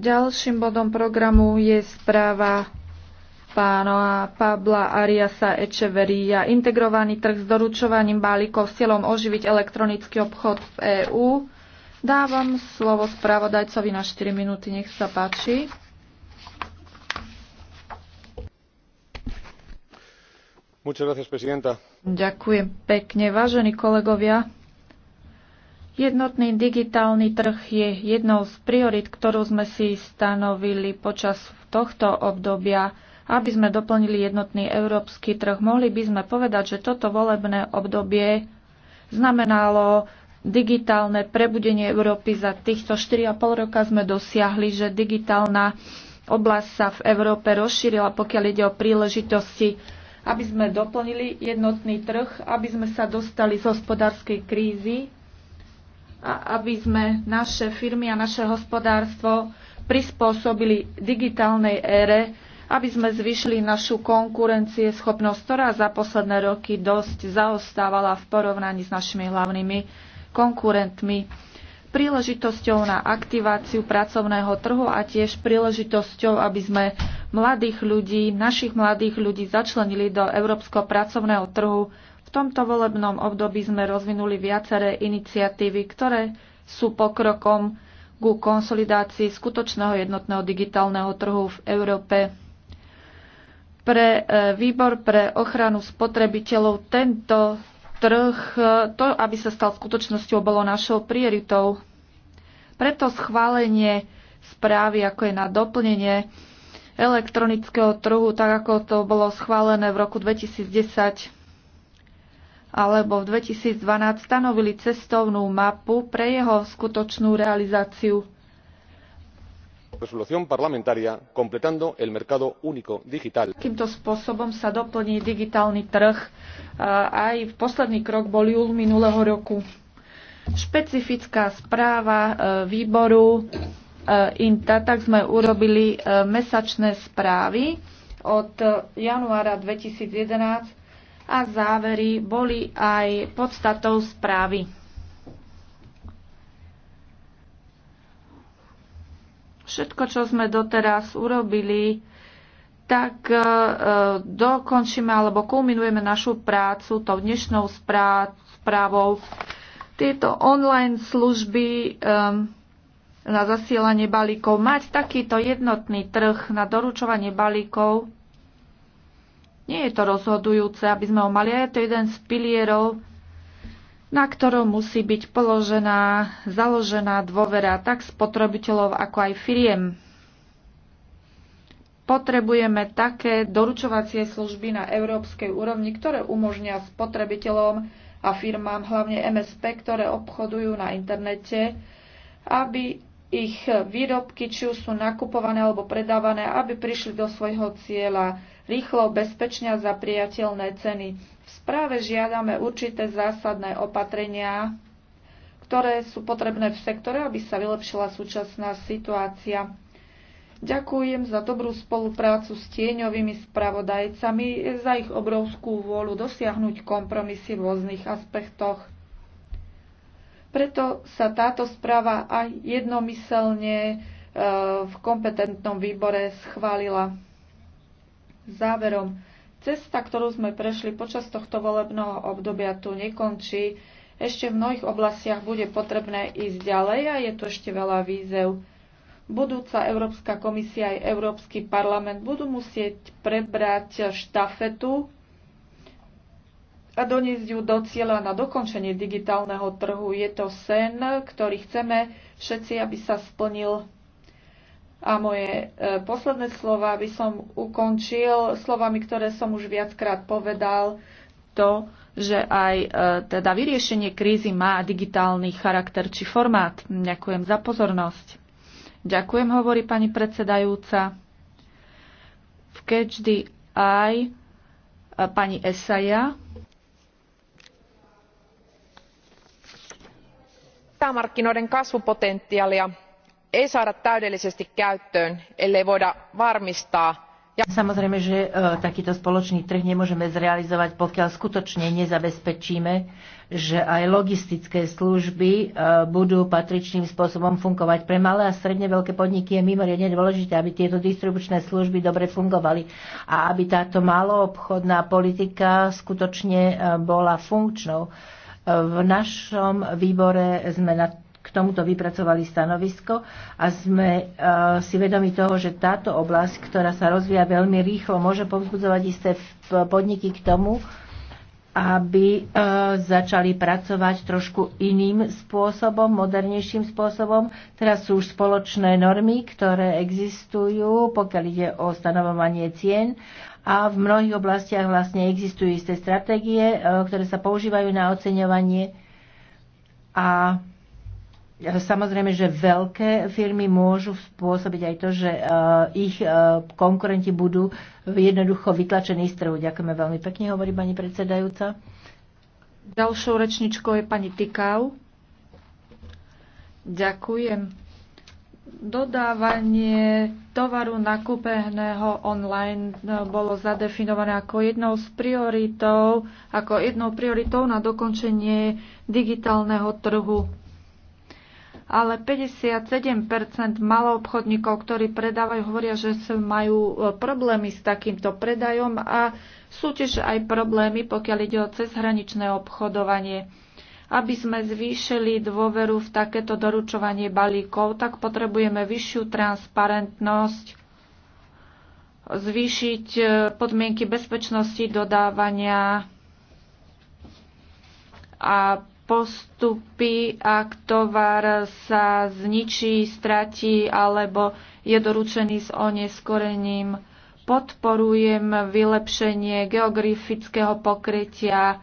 Ďalším bodom programu je správa pána Pabla Ariasa Echeveria. Integrovaný trh s doručovaním balíkov s cieľom oživiť elektronický obchod v EÚ. Dávam slovo spravodajcovi na 4 minúty. Nech sa páči. Ďakujem pekne, vážení kolegovia. Jednotný digitálny trh je jednou z priorit, ktorú sme si stanovili počas tohto obdobia. Aby sme doplnili jednotný európsky trh, mohli by sme povedať, že toto volebné obdobie znamenalo digitálne prebudenie Európy. Za týchto 4,5 roka sme dosiahli, že digitálna oblasť sa v Európe rozšírila, pokiaľ ide o príležitosti, aby sme doplnili jednotný trh, aby sme sa dostali z hospodárskej krízy a aby sme naše firmy a naše hospodárstvo prispôsobili digitálnej ére, aby sme zvyšili našu konkurencieschopnosť, ktorá za posledné roky dosť zaostávala v porovnaní s našimi hlavnými konkurentmi. Príležitosťou na aktiváciu pracovného trhu a tiež príležitosťou, aby sme mladých ľudí, našich mladých ľudí začlenili do európskeho pracovného trhu v tomto volebnom období sme rozvinuli viaceré iniciatívy, ktoré sú pokrokom ku konsolidácii skutočného jednotného digitálneho trhu v Európe. Pre e, výbor pre ochranu spotrebiteľov tento trh, e, to, aby sa stal skutočnosťou, bolo našou prioritou. Preto schválenie správy, ako je na doplnenie elektronického trhu, tak ako to bolo schválené v roku 2010, alebo v 2012 stanovili cestovnú mapu pre jeho skutočnú realizáciu. Takýmto spôsobom sa doplní digitálny trh. Aj v posledný krok bol júl minulého roku. Špecifická správa e, výboru e, INTA, tak sme urobili e, mesačné správy od januára 2011 a závery boli aj podstatou správy. Všetko, čo sme doteraz urobili, tak e, e, dokončíme alebo kulminujeme našu prácu tou dnešnou správou. Tieto online služby e, na zasielanie balíkov, mať takýto jednotný trh na doručovanie balíkov, nie je to rozhodujúce, aby sme ho mali. A je to jeden z pilierov, na ktorom musí byť položená, založená dôvera tak spotrebiteľov, ako aj firiem. Potrebujeme také doručovacie služby na európskej úrovni, ktoré umožnia spotrebiteľom a firmám, hlavne MSP, ktoré obchodujú na internete, aby ich výrobky, či už sú nakupované alebo predávané, aby prišli do svojho cieľa rýchlo, bezpečne a za priateľné ceny. V správe žiadame určité zásadné opatrenia, ktoré sú potrebné v sektore, aby sa vylepšila súčasná situácia. Ďakujem za dobrú spoluprácu s tieňovými spravodajcami, za ich obrovskú vôľu dosiahnuť kompromisy v rôznych aspektoch. Preto sa táto správa aj jednomyselne e, v kompetentnom výbore schválila. Záverom, cesta, ktorú sme prešli počas tohto volebného obdobia, tu nekončí. Ešte v mnohých oblastiach bude potrebné ísť ďalej a je tu ešte veľa výzev. Budúca Európska komisia aj Európsky parlament budú musieť prebrať štafetu a doniesť ju do cieľa na dokončenie digitálneho trhu. Je to sen, ktorý chceme všetci, aby sa splnil a moje e, posledné slova by som ukončil slovami, ktoré som už viackrát povedal, to, že aj e, teda vyriešenie krízy má digitálny charakter či formát. Ďakujem za pozornosť. Ďakujem, hovorí pani predsedajúca. V Catch aj e, pani Esaja. Päämarkkinoiden kasvupotentiaalia ei saada täydellisesti käyttöön ellei voida varmistaa Samozrejme, že e, takýto spoločný trh nemôžeme zrealizovať, pokiaľ skutočne nezabezpečíme, že aj logistické služby e, budú patričným spôsobom fungovať. Pre malé a stredne veľké podniky je mimoriadne dôležité, aby tieto distribučné služby dobre fungovali a aby táto maloobchodná politika skutočne e, bola funkčnou. V našom výbore sme na k tomuto vypracovali stanovisko a sme e, si vedomi toho, že táto oblasť, ktorá sa rozvíja veľmi rýchlo, môže povzbudzovať isté podniky k tomu, aby e, začali pracovať trošku iným spôsobom, modernejším spôsobom. Teraz sú už spoločné normy, ktoré existujú, pokiaľ ide o stanovovanie cien a v mnohých oblastiach vlastne existujú isté stratégie, e, ktoré sa používajú na oceňovanie a Samozrejme, že veľké firmy môžu spôsobiť aj to, že e, ich e, konkurenti budú jednoducho vytlačení z trhu. Ďakujeme veľmi pekne, hovorí pani predsedajúca. Ďalšou rečničkou je pani Tykau. Ďakujem. Dodávanie tovaru nakúpeného online e, bolo zadefinované ako jednou z prioritou, ako jednou prioritou na dokončenie digitálneho trhu ale 57% maloobchodníkov, ktorí predávajú, hovoria, že majú e, problémy s takýmto predajom a sú tiež aj problémy, pokiaľ ide o cezhraničné obchodovanie. Aby sme zvýšili dôveru v takéto doručovanie balíkov, tak potrebujeme vyššiu transparentnosť, zvýšiť e, podmienky bezpečnosti dodávania a postupy, ak tovar sa zničí, stratí alebo je doručený s oneskorením. Podporujem vylepšenie geografického pokrytia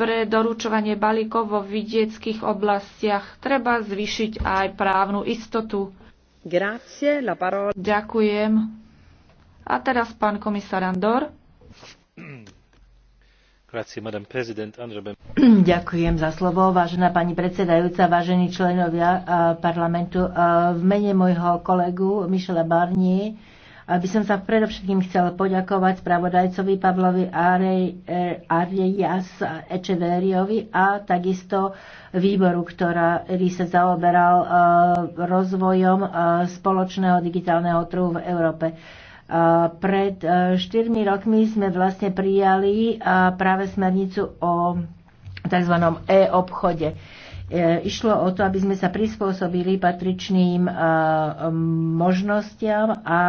pre doručovanie balíkov vo vidieckých oblastiach. Treba zvyšiť aj právnu istotu. Grazie, la parola. Ďakujem. A teraz pán komisár Andor. Ďakujem za slovo, vážená pani predsedajúca, vážení členovia eh, parlamentu. Eh, v mene môjho kolegu Michela Barnier eh, by som sa predovšetkým chcela poďakovať spravodajcovi Pavlovi Arias Echeveriovi a takisto výboru, ktorý sa zaoberal rozvojom spoločného digitálneho trhu v Európe. Pred e, štyrmi rokmi sme vlastne prijali práve smernicu o tzv. e-obchode. E, išlo o to, aby sme sa prispôsobili patričným e, možnostiam a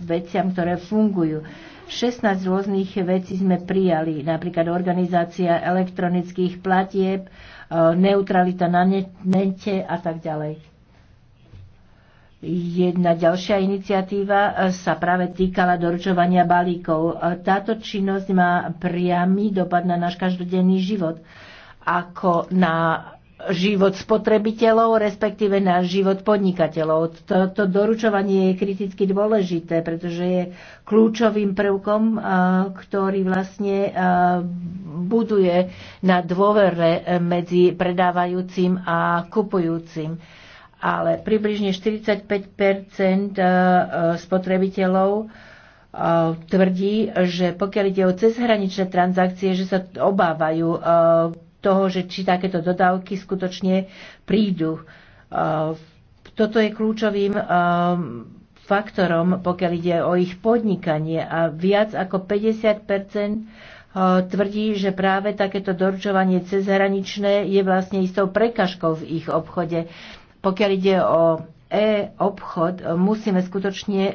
veciam, ktoré fungujú. 16 rôznych vecí sme prijali, napríklad organizácia elektronických platieb, neutralita na nete a tak ďalej. Jedna ďalšia iniciatíva e, sa práve týkala doručovania balíkov. E, Táto činnosť má priamy dopad na náš každodenný život, ako na život spotrebiteľov, respektíve na život podnikateľov. Toto doručovanie je kriticky dôležité, pretože je kľúčovým prvkom, e, ktorý vlastne buduje na dôvere medzi predávajúcim a kupujúcim ale približne 45 e, e, spotrebiteľov e, tvrdí, že pokiaľ ide o cezhraničné transakcie, že sa obávajú toho, že či takéto dodávky skutočne prídu. Toto je kľúčovým faktorom, pokiaľ ide o ich podnikanie a viac ako 50 tvrdí, že práve takéto doručovanie cezhraničné je vlastne istou prekažkou v ich obchode. Pokiaľ ide o e-obchod, musíme skutočne e,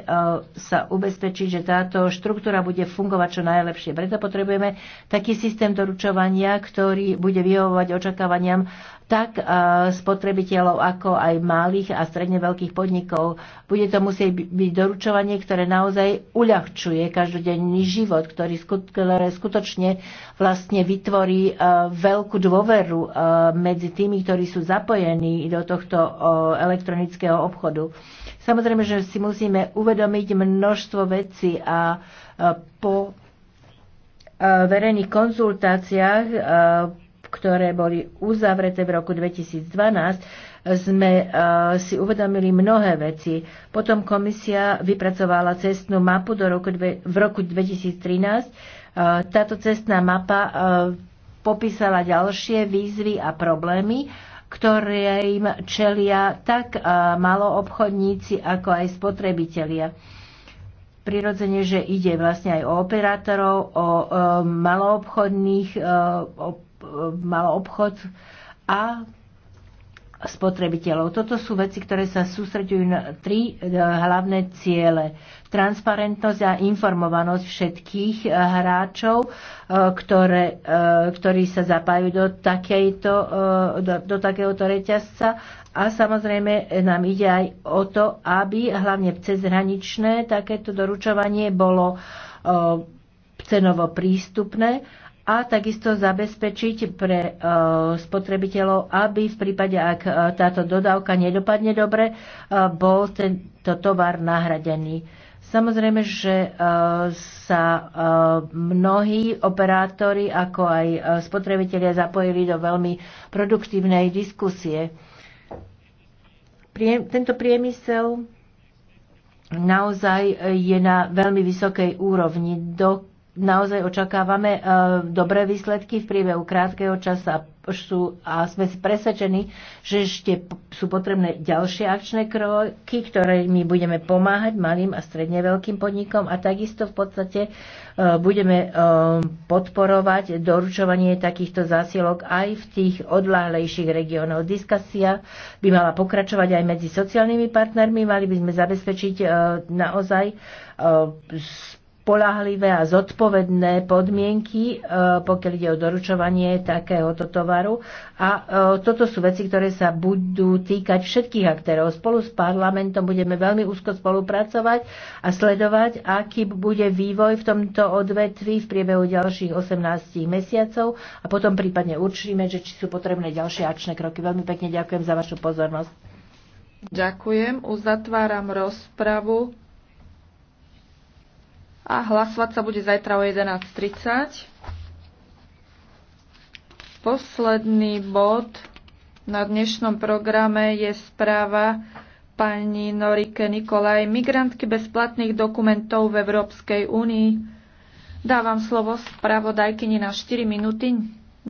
sa ubezpečiť, že táto štruktúra bude fungovať čo najlepšie. Preto potrebujeme taký systém doručovania, ktorý bude vyhovovať očakávaniam tak eh, spotrebiteľov, ako aj malých a stredne veľkých podnikov. Bude to musieť byť doručovanie, ktoré naozaj uľahčuje každodenný život, ktorý skutočne vlastne vytvorí eh, veľkú dôveru eh, medzi tými, ktorí sú zapojení do tohto elektronického obchodu. Samozrejme, že si musíme uvedomiť množstvo vecí a po verejných konzultáciách ktoré boli uzavreté v roku 2012, sme e, si uvedomili mnohé veci. Potom komisia vypracovala cestnú mapu do roku dve, v roku 2013. E, táto cestná mapa e, popísala ďalšie výzvy a problémy, ktoré im čelia tak maloobchodníci, ako aj spotrebitelia. Prirodzene, že ide vlastne aj o operátorov, o, o maloobchodných o, malo obchod a spotrebiteľov. Toto sú veci, ktoré sa sústreďujú na tri e, hlavné ciele. Transparentnosť a informovanosť všetkých e, hráčov, e, ktoré, ktorí sa zapájajú do, takejto, do, do takéhoto reťazca. A samozrejme nám ide aj o to, aby hlavne cezhraničné takéto doručovanie bolo cenovo prístupné a takisto zabezpečiť pre e, spotrebiteľov, aby v prípade, ak e, táto dodávka nedopadne dobre, e, bol tento tovar nahradený. Samozrejme, že sa mnohí operátori, ako aj spotrebitelia zapojili do veľmi produktívnej diskusie. Tento priemysel naozaj je na veľmi vysokej úrovni. Do naozaj očakávame e, dobré výsledky v priebehu krátkeho času sú, a sme si presvedčení, že ešte sú potrebné ďalšie akčné kroky, ktoré my budeme pomáhať malým a stredne veľkým podnikom a takisto v podstate e, budeme e, podporovať doručovanie takýchto zásielok aj v tých odláhlejších regiónoch. Diskusia by mala pokračovať aj medzi sociálnymi partnermi, mali by sme zabezpečiť naozaj spolahlivé a zodpovedné podmienky, e, pokiaľ ide o doručovanie takéhoto tovaru. A e, toto sú veci, ktoré sa budú týkať všetkých aktérov. Spolu s parlamentom budeme veľmi úzko spolupracovať a sledovať, aký bude vývoj v tomto odvetvi v priebehu ďalších 18 mesiacov a potom prípadne určíme, že či sú potrebné ďalšie akčné kroky. Veľmi pekne ďakujem za vašu pozornosť. Ďakujem. Uzatváram rozpravu a hlasovať sa bude zajtra o 11.30. Posledný bod na dnešnom programe je správa pani Norike Nikolaj, migrantky bezplatných dokumentov v Európskej únii. Dávam slovo spravodajkyni na 4 minúty.